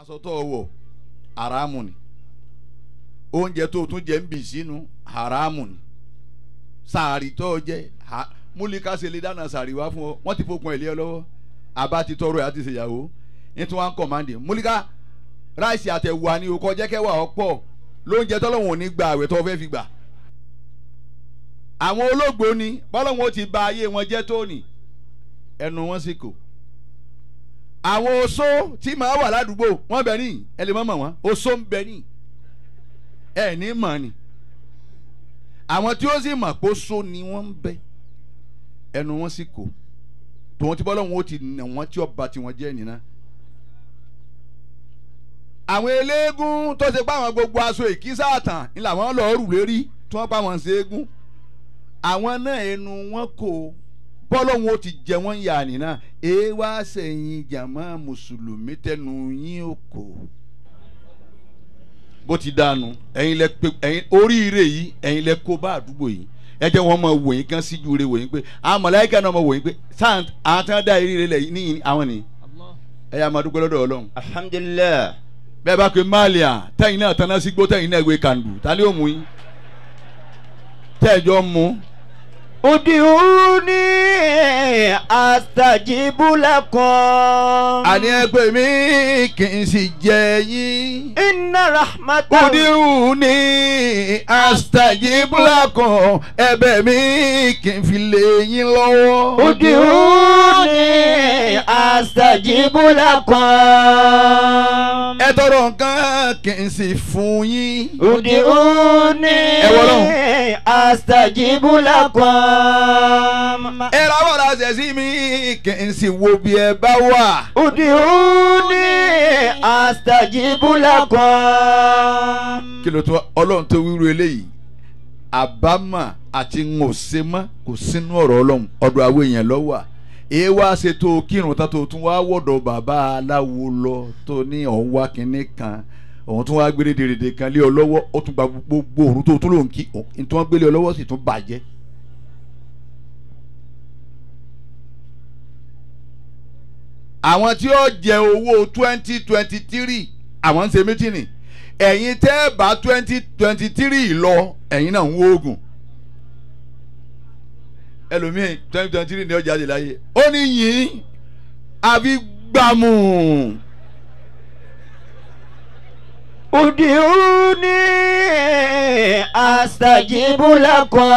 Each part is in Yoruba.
aṣọ tó wọ̀ haramu ni oúnjẹ tó tún jẹ ń bì sínú haramu ni sàárì tó jẹ ha múlíkà ṣe lè dáná sàárì wá fún ọ wọ́n ti fokùn ẹ̀ lé ọ lọ́wọ́ àbá ti tọrọ ẹ̀ àti ṣèyàwó ní tí wọ́n á ń kọ̀mándì e. múlíkà ráìsì àtẹ̀wà ni o kọ jẹ́kẹ́wà ọ̀pọ̀ lóúnjẹ tọ́lọ́wọ̀n ò ní gba àwẹ̀ tó fẹ́ fi gbà àwọn olóògbé ni bọ́lọ́wọ́n ti ba ayé wọn jẹ́ tóní ẹnu wọn sì kò àwọn oṣó tí màá wà ládùúgbò wọ́n bẹ ní ẹ lè mọ̀ mọ̀ wọ́n oṣó ń bẹ ní ẹ ní mọ̀ ni àwọn tí ó sì mọ̀ pé oṣó ni wọ́n ń bẹ ẹnu wọn sì kò tòun ti bọ́ lọ́wọ́ ó ti nà wọ́n tí ọba tiwọn jẹ́ nìyẹn àwọn eléégún tó ṣe páwọn gbogbo aṣọ ìkísàtàn ni làwọn lọ́ọ́ rù lérí tí wọ́n bá ṣe é gún àwọn náà ẹnu wọn kò bọ́lọ́hún ó ti jẹ wọ́n yà nínà ẹ wá sẹ́yìn jàmá mùsùlùmí tẹnu yín ò kò bó ti dànù ẹ̀yin lẹ pé ẹ̀yin oríire yìí ẹ̀yin lẹ kó bá àdúgbò yìí ẹ jẹ́ wọ́n mọ wò yín kán síjú rẹ wò yín pé àwọn mọ̀láyíkà náà mọ wò yín pé sáà àwọn tí wọ́n dá eré rẹ lẹ̀ ní àwọn nìyí ẹ yà máa dúpẹ́ lọ́dọ̀ ọlọ́run. alhamdulilayi. bẹ́ẹ̀ bá pe malia tẹ́yìn náà tanná sígbó tẹ́yìn náà ìwé kàndù ta ni ó mú yín tẹ́ẹ̀jọ́ mú. Udiuni astajibulakum. Àní ẹgbẹ́ mi kì í sì jẹ yín. Inna rahmatan. Udiuni astajibulakum. Ẹ̀bẹ̀ mi kì í fi lé yín lọ́wọ́. Udiuni astajibu lakum. ẹ tọrọ nǹkan kì í sì fún yín. òde òní ẹ wọlọ́hùn. astajibu lakum. ẹ ráwọ̀ ra ṣẹ̀sí mi kì í sì wo bí ẹ bá wà. òde òní astajibu lakum. kí ló tó ọlọ́run tó wíru eléyìí àbámọ̀ àti ń ò ṣe mọ́ kò sínú ọ̀rọ̀ ọlọ́run ọ̀dọ̀ àwọn èèyàn ló wà. Ewa wá ṣe tó kírun tán tó tún wá wọ̀dọ̀ bàbá aláwo lọ tó ní ọ̀hún wá kinní kan òun tún wá gbélé dèrèdè kan lé ọ lọ́wọ́ ó tún gba gbogbo òru tó tún lòun kí òun tún wá gbélé ọ lọ́wọ́ sì tún bàjẹ́. àwọn tí ó jẹ owó twenty twenty three àwọn ń ṣe mítìnì ẹ̀yin tẹ́ bá twenty twenty three lọ ẹ̀yin náà ń wóògùn ẹlòmíì twenty twenty three ni ó jáde láyé ó ní yìí àfi gbàmù. Udiuni astajibulakwa.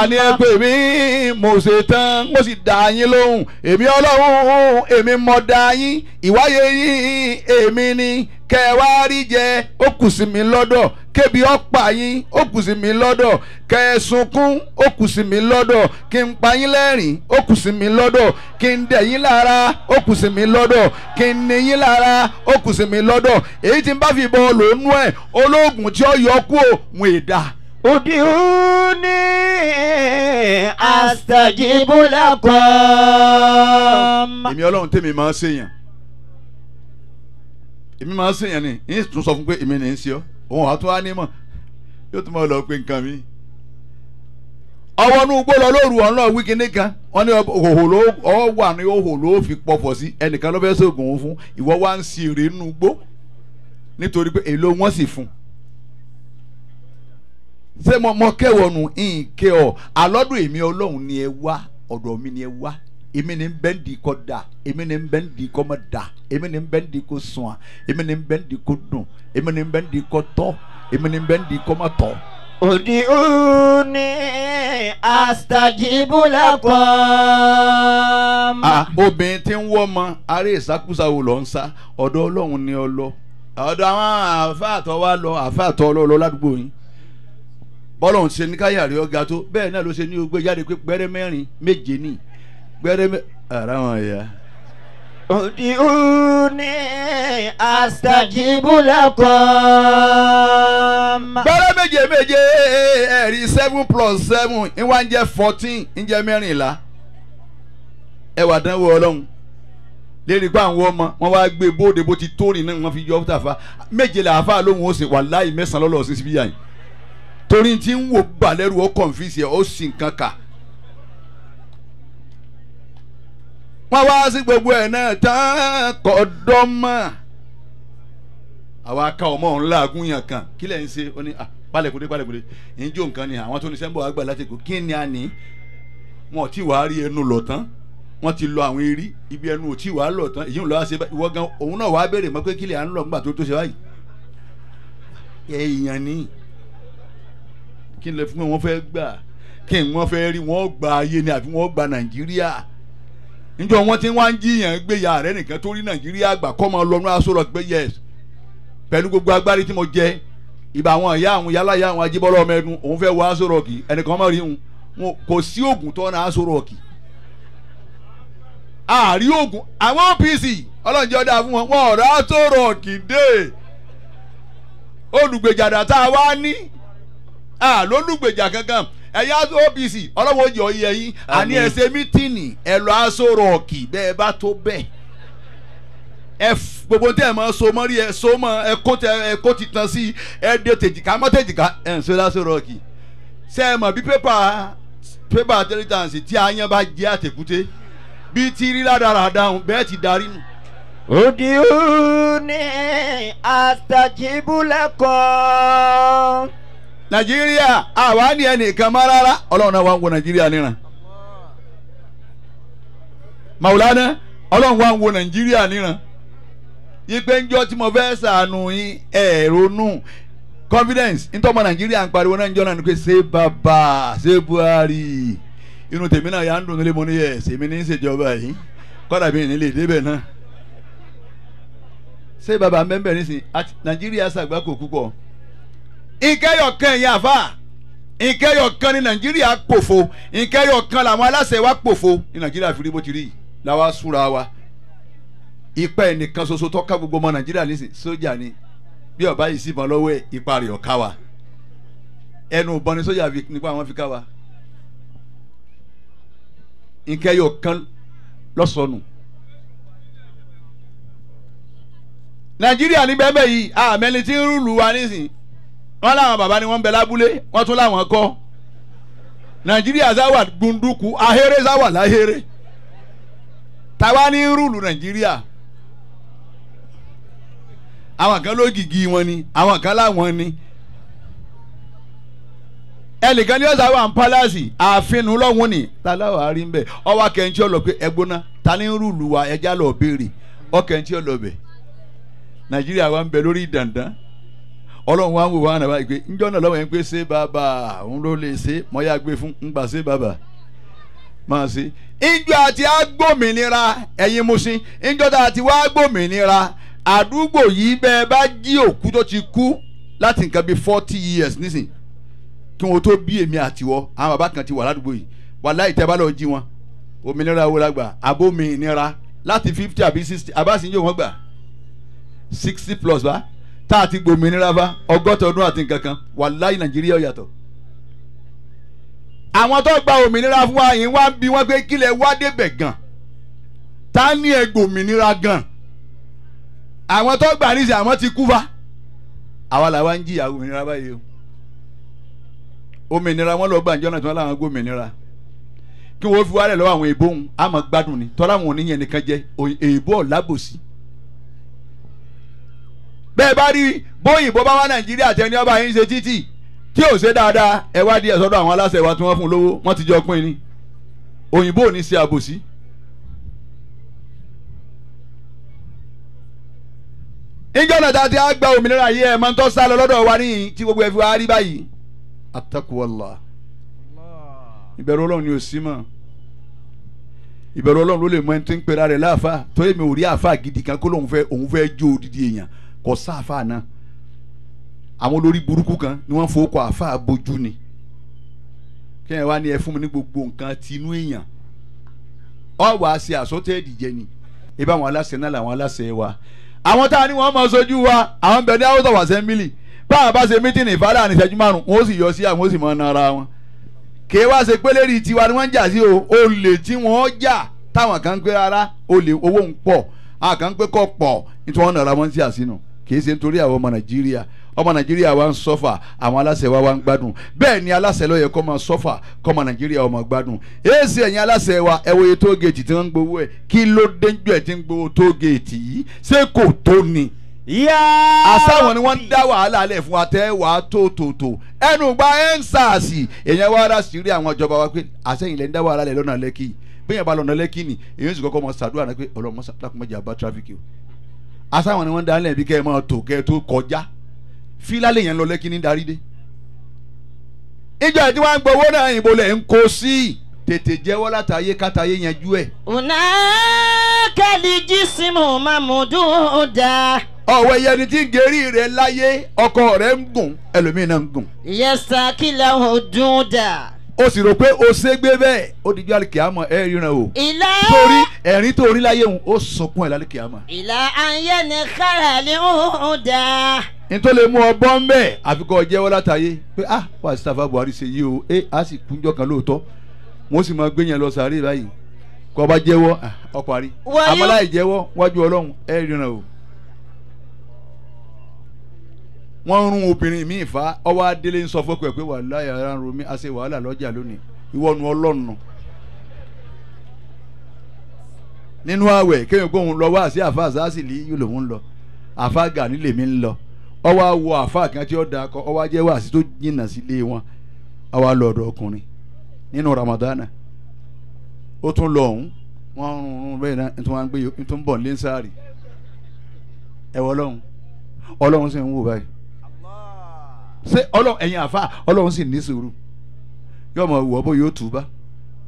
Àní ẹ pè mo ṣe tán, mo sì dá yín lóhùn. Èmi Ọlọ́run, èmi mọ̀ dá yín. Ìwáyé yín, èmi ni. Kẹ̀wá rí jẹ, ó kù sí mi lọ́dọ̀. kébi ọ̀pá yín ó lọdọ sí mi lọ́dọ̀ kẹ́ ẹ sunkún ó kù lọdọ lọ́dọ̀ kí n pa yín lẹ́rìn ó kù sí lọ́dọ̀ kí n dẹ̀ yín lára ó kù sí lọ́dọ̀ kí n ní yín lára ó yọ kú èmi ọlọ́run tèmi máa ni èyí tún sọ fún pé èmi ni ń ọ́. òun àtún á nímọ̀ yóò tún mọ̀ lọ pé nǹkan mi. ọwọ́ inú gbó lọ lóru ọ̀nà wíkíní kan wọ́n ní òhò ló ọwọ́ wà ní òhò ló fi pọ̀fọ̀ sí ẹnìkan ló fẹ́ sóògùn òun fún ìwọ wá ń sin èrè inú gbó nítorí pé èlò wọn sì fún ṣé mo mọ kẹwọnù ìǹkẹ ọ alọdún èmi Ọlọ́run ni ẹ wá ọ̀dọ̀ mi ni ẹ wá èmi ni bẹ́ ń di kọ́ da èmi ni bẹ́ ń di kọ́ mọ́ da èmi ni bẹ́ ń di kọ́ sùn èmi ni bẹ́ ń di kọ́ dùn èmi ni bẹ́ ń di kọ́ tọ́ èmi ni bẹ́ ń di kọ́ mọ́ tọ́. Udiuni astajibu lakum. obìnrin tí ń wọ́ ọmọ aré ìsákúsá wo lọ ń sá ọ̀dọ̀ ọlọ́run ni ọ lọ ọ̀dọ̀ àwọn àfáàtọ̀ wa lọ àfáàtọ̀ ọlọ́ọ̀lọ́ ládùúgbò yín bọ́lọ̀ ń ṣe ní káyàrí ọ̀gá tó bẹ́ẹ̀ náà ló ṣe ní ogbé jáde pé pẹ́rẹ́ mẹ́rin méje nìyí gbẹrẹmẹ ara wọn ya. Udiuni astajibu lakum. Bẹ́rẹ̀ méje méje ẹ̀rí seven plus seven ń wá ń jẹ́ fourteen ń jẹ́ mẹ́rìnlá. Ẹ wà dánwò ọlọ́run. Lérí pa àwọn ọmọ wọn wá gbé bóde bó ti tóórìn náà wọn fi yọ tàfa. Méje làáfà lóhùn ó sì wà láì mẹ́sàn-án lọ́lọ́ sí síbí yàn. Torí ti ń wò balẹ̀ rú ó kọ̀ǹfìsì ẹ̀ ó sì ń kankan. wọ́n wá sí gbogbo ẹ̀ náà tán kọ́dọ́mà àwa ká ọmọ òun láàgùn yàn kan kí lẹ̀ ń ṣe ó ní pálẹ̀kùdé pálẹ̀kùdé ìjó nǹkan ni àwọn tó ní sẹ́ńbọ̀ àgbà láti kó kí ni a ní wọn ti wàá rí ẹnu lọ tán wọn ti lọ àwọn eré ibi ẹnu ò tí wàá lọ tán èyí ń lọ wá ṣe ìwọ gan òun náà wàá béèrè mọ pé kí lè à ń lọ nígbà tó tó ṣe báyìí èèyàn ni kí n lè fún wọn fẹ́ gbà kí n wọn fẹ́ rí wọn gba ayé ni àfi wọn gba Nàìjíríà njọ wọn ti wá ń jiyàn gbé ya rẹ nìkan torí nàìjíríà àgbà kọ́ máa lọ́nu aṣọ rọ pé yes pẹ̀lú gbogbo agbárí tí mo jẹ ìbá àwọn ìyá àwọn yálà ìyá àwọn ajíbọ́lọ́ ọmọ ẹnu òun fẹ́ wọ aṣọ rọ kì ẹnìkan máa rí wọn kò sí oògùn tó na aṣọ rọ kì àárí oògùn àwọn OPC ọlọ́njẹ́ ọ̀dà fún wọn wọn ọ̀rọ̀ aṣọ rọ kì dé olùgbèjàdà tá a wá ní a lólùgbèjà kankan ẹ̀yà OPC ọlọ́wọ́ òjò yẹ yín àní ẹ̀sẹ̀ mítìnì ẹ̀lọ́ aṣọ rọ̀ọ̀kì bẹ́ẹ̀ bá tó bẹ́ẹ̀ ẹ gbogbo tẹ ẹ mọ so mọ rí ẹ so mọ ẹ kó tẹ ẹ kó ti tán sí ẹ dé tèjìká mọ tèjìká ẹ ń so láṣọ rọ̀ọ̀kì ṣe é mọ̀ bí pépà pépà tẹ́lítàǹsì tí ayan bá jẹ́ àtẹ̀kúté bí ti rí ládàradà bẹ́ẹ̀ ti darí nù. odiuni astajibu lakum. nàìjíríà àwa ni ẹnìkan má rárá ọlọ́run náà wà ń wo nàìjíríà níran màwùlánà ọlọ́run wà ń wo nàìjíríà níran yípe ń jọ́ tí mo fẹ́ sànù yín ẹ̀ ronú confidence ntọ́mọ nàìjíríà ń pariwo náà ń jọ́ náà ni pé ṣé bàbá ṣé buhari inú tèmi náà yà ń dùn nílé ní yẹ ṣèmi ní ìkẹyọ̀kan ìyá àfà ìkẹyọ̀kan ní nàìjíríà pòfo ìkẹyọ̀kan làwọn aláṣẹ wa pòfo ní nàìjíríà fi rí bó ti rí làwa súnra wa ipa ẹnìkan ṣoṣo tọ́ka gbogbo ọmọ nàìjíríà nísìn sójà ni bí ọba yìí sì bọ́n lọ́wọ́ ẹ̀ ipa rẹ̀ ọ̀ka wa ẹnu ìbọn ni sójà nípa àwọn fi ká wa ìkẹyọ̀kan lọ́sọ̀nù. nàìjíríà ní bẹ́ẹ̀ bẹ́ẹ̀ yìí àmẹ́ni tí ń rúlu wa nísìn wọ́n láwọn bàbá ni wọ́n ń bẹ lábúlé wọ́n tún láwọn kọ́ nàìjíríà záwà gbunduku ahéré záwà láhéré tàwa ní rúlù nàìjíríà àwọn kan lógìgì wọn ni àwọn kan láwọn ni ẹnìkan ní ọ̀sán wà ń pálásì àfinú lọ́wọ́ ni taláwà á rí ń bẹ̀ ọwọ́ akẹ́ńtì ọlọ́pẹ́ ẹgbóná ta ní rúlù wa ẹja lọ béèrè ọkẹ́ńtì ọlọ́bẹ̀ nàìjíríà wa ń bẹ lórí dandan. ọlọ́run wa ń wò wá ànàbà yìí pé njọ́ náà lọ́wọ́ yẹn pé ṣé bàbá òun ló lè ṣe mọ́ yá gbé fún ngbà ṣé bàbá máa ṣe. ìjọ àti agbómìnira ẹ̀yin musin ìjọ àti wá agbómìnira àdúgbò yìí bẹ́ẹ̀ bá jí òkú tó ti kú láti nǹkan bíi forty years nísìn kí wọn tó bí èmi àtiwọ àwọn bàbá kan ti wà ládùúgbò yìí wàláhì tẹ́ bá lọ jí wọn òmìnira wo la gbà àbómìnira láti fifty àbí sixty àbá sì ń yóò wọ́n gbà sixty plus bá. Right? tá a ti gbòmìnira bá ọgọ́ta ọdún àti nǹkan kan wàláì nàìjíríà ò yàtọ̀ àwọn tó gba òmìnira fún wa yìí wá ń bi wọn pé kílẹ̀ wá débẹ̀ gan ta ni ẹ gbòmìnira gan àwọn tó gbà níṣẹ́ àwọn ti kú fa àwa làwa ń jìyà òmìnira báyìí o òmìnira wọn lọ gbàǹjọ náà tí wọn làwọn gbòmìnira kí wọn fi wálẹ̀ lọ́wọ́ àwọn èèbó ń àmọ́ gbádùn ni tọ́lá wọn ò ní yẹn nìkan jẹ èèbó ọ̀làbòsí bẹ́ẹ̀ bá rí bóyìnbó bá wá nàìjíríà tẹni ọba yín ṣe títì tí ò ṣe dáadáa ẹ wá díẹ̀ sọ́dọ̀ àwọn aláṣẹ wa tí wọ́n fún lówó wọ́n ti jọ pín ni òyìnbó ò ní ṣe àbòsí. níjọ́nà tá a ti á gba òmìnira yìí ẹ̀ máa ń tọ́ sá lọ lọ́dọ̀ wa níyìn tí gbogbo ẹ̀ fi wá rí báyìí. atakuwala ìbẹ̀rù ọlọ́run ni ò sí mọ́ ìbẹ̀rù ọlọ́run ló lè mọ ẹni tó ń pera rẹ̀ láàfà tó yẹ mi ò rí àfà gidi kan kó lóun fẹ́ òun fẹ́ jó odidi èèyàn kò sáàfà náà àwọn olórí burúkú kan ni wọ́n fowó kọ àfà bójú ni kẹ́hìn wá ní ẹ fún mi ní gbogbo nǹkan tinú èèyàn ọ wàá ṣe àsọtẹ́ẹ̀dì jẹ ni ibà àwọn aláṣẹ náà làwọn aláṣẹ wa àwọn tá a ní wọn máa sojú wa àwọn bẹ̀rẹ̀ ní àwọn sọ̀wọ́ assembly báwọn bá ṣe mítìnì ìfàlà ní ìṣẹ́jú márùn wọn ó sì yọ sí àwọn ó sì máa nara wọn kì wá ṣe pé lérí tiwa ni wọ́n ń jà sí o olè tí wọ́n jà táwọn kan ń pé rárá olè owó ń pọ̀ àkàn pé kọ́ pọ̀ nítorí wọ́n nara wọn sí àsínú kìí ṣe nítorí àwọn ọmọ nàìjíríà ọmọ nàìjíríà wa ń sọ́fà àwọn aláṣẹ wa wa ń gbádùn bẹ́ẹ̀ ni aláṣẹ ló yẹ kó máa sọ́fà kọ́mọ nàìjíríà ọmọ gbádùn èsì ẹ̀yin aláṣẹ wa ẹ wo iye tóógèètì tí wọ́n ń gbowó ẹ̀ kí ló dé jù ẹ̀ tí ń gbowó tóógèètì yìí ṣé kò tó ni. àsáwọn ni wọ́n ń dá wàhálà alẹ́ fún wa wàá tòótòótò ẹnu gba ensars èèyàn wa ara sì rí àwọn ìjọba wa pé àṣẹyìn ń dá wàhálà alẹ́ lọ́nà lẹ́kì ni èèyàn sì kọ́kọ́ mọ sàdúrà náà pé ọlọ́mọ sàdúrà asáwọn ni wọ́n dá lẹ́yìn bí kẹ́ ẹ máa tò kẹ́ ẹ tó kọjá fílálẹ̀ yẹn lọ lẹ́kí ní darí dé. ìjọ ìdí wa ń gbowó náà ìbò lẹ̀ ń kó sí i tètè jẹ́wọ́ látàyé kátàyé yanjú ẹ̀. ọ̀nà kẹ́lí jísìmù mamudun dá. ọ̀wọ́ ẹyẹ ni tí gèrí rẹ̀ láyé ọkọ rẹ̀ ń gùn ẹlòmíràn ń gùn. yẹ́sà kìlà ọ̀dún dá o sì rò pé o ṣe gbé bẹ́ẹ̀ ó di jọ́ àlìkìyàmọ̀ ẹ ríran o. ìlà torí ẹ̀rín tó rí láyé òun ó sunkún ẹ̀ lálìkìyàmọ̀. ìlà ayé ni kára ni ó ń da. nítorí lè mú ọgbọ́n ń bẹ̀ àfikọ́ jẹ́wọ́ látàyé pé ah wà sítáfà Buhari ṣe yí o ẹ á sì kúnjọ́ kan lóòótọ́ wọ́n sì máa gbé yẹn lọ sàárè báyìí kọ́ bá jẹ́wọ́ ọ ah, parí àmọ́ láì jẹ́wọ́ wájú Ọlọ́run ẹ ríran o. wọ́n ń rún obìnrin míì fa ọwọ́ adélé ń sọ fọ́kọ ẹ̀ pé wàhálà yàrá ń àṣẹ wàhálà lónìí ìwọ́nu nínú àwẹ̀ lọ wá sí àfa àsáàsì lè yí lòun lọ àfa gà nílé mi ń lọ awọ àfa kan tí ó akọ tó jìnnà wọn àwa Ramadana ó tún lọ rún un náà gbé tó ń ṣé ọlọ́run ẹ̀yin àfa ọlọ́run sì ní sùúrù yóò mọ̀ wọ́ bó yóò túbá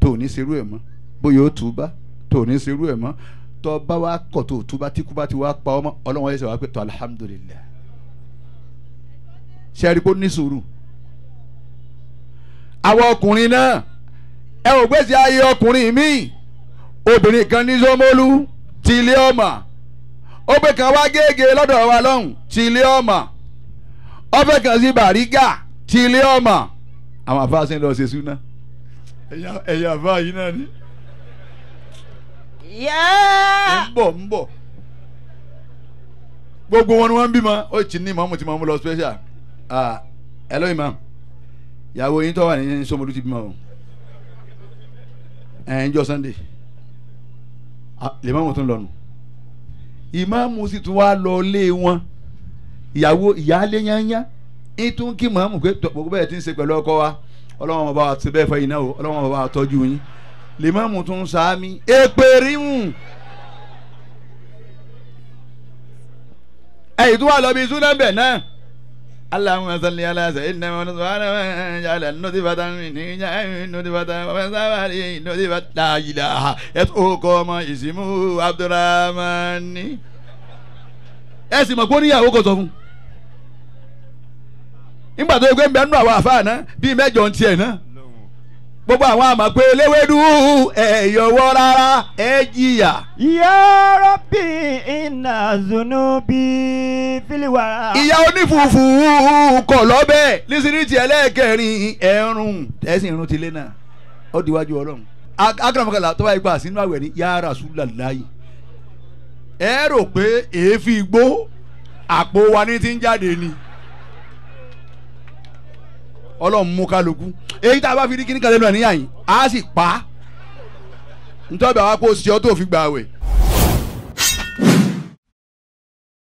tó ní serú ẹ̀ mọ́ bó yóò túbá tó ní serú ẹ̀ mọ́ tó bá wa kọ̀ tó túbá tí bá ti wá pa ọmọ ọlọ́run ẹ̀ṣẹ̀ wá pé tó alhamdulillah ṣe é rí kó ní sùúrù àwọn ọkùnrin náà ẹ ò gbèsè ayé ọkùnrin míì obìnrin kan ní Zomolu ti ilé ọmọ ó gbé kan wá gègé lọ́dọ̀ wa lọ́hùn ti ilé ọmọ ọfẹ kan sí bàrígà ti ilé ọmọ àwọn àfa ṣe ń lọ ṣe súná. ẹ̀yà àfa yìí náà ni. yáà. ń bọ̀ ń bọ̀ gbogbo wọn ni wọn ń bímọ ó ti ní ìmọ̀ọ́mù tí mo mú lọ special hello imam ìyàwó yín tó wà ní sọmọdún ti bímọ o ẹ̀ẹ́n jọ sunday lèmọ́mù tún lọ nù ìmọ̀ọ́mù sì tún wá lọ lé wọn ìyàwó ìyáálé yányá ètò ń kí màmú pé gbogbo bẹ́ẹ̀ ti ń ṣe pẹ̀lú ọkọ wa ọlọ́wọ́n bàbá wa ti bẹ́ẹ̀ fẹ́ yìí náà o ọlọ́wọ́n bàbá wa tọ́jú yín lèmọ́mù tún sáámi èpè rímù. ẹ̀yìn tó wà lọ bí zúlẹ̀ bẹ̀ náà alahuma sali ala sayyidina muhammad sallallahu alaihi wa sallam nudi bata ni ja nudi bata wa sabari nudi bata la ilaha et isimu abdurrahman ni ẹ sì mọ̀ pé ó níyàwó kò sọ fún un nígbà tó gbé nbẹ nínú àwọn àfáà náà bíi mẹ́jọ ń tiẹ̀ náà gbogbo àwọn àmọ̀ pé eléwédú ẹ rárá ẹ jìyà. ìyá rọ́bì iná zunú bí fílíwàrà. ìyá onífùfù kọ̀ lọ́bẹ̀ lísìrìtì ẹlẹ́ẹ̀kẹrin ẹ̀rùn ẹ̀sìn irun tilé náà ó diwájú ọlọ́run akérèmọ́kànlá tó bá yẹ gbà sínú àwẹ̀ ní ya Rasulullah ẹ rò pé èéfì igbó àpò wa ní ti ń jáde ni ọlọ́run mú kálukú èyí tá a bá fi rí kíní kan lẹ́nu ẹ̀ níyà yìí á sì pa á ntọ́bi àwa kó o sì ọ́ tó fi gbà wẹ̀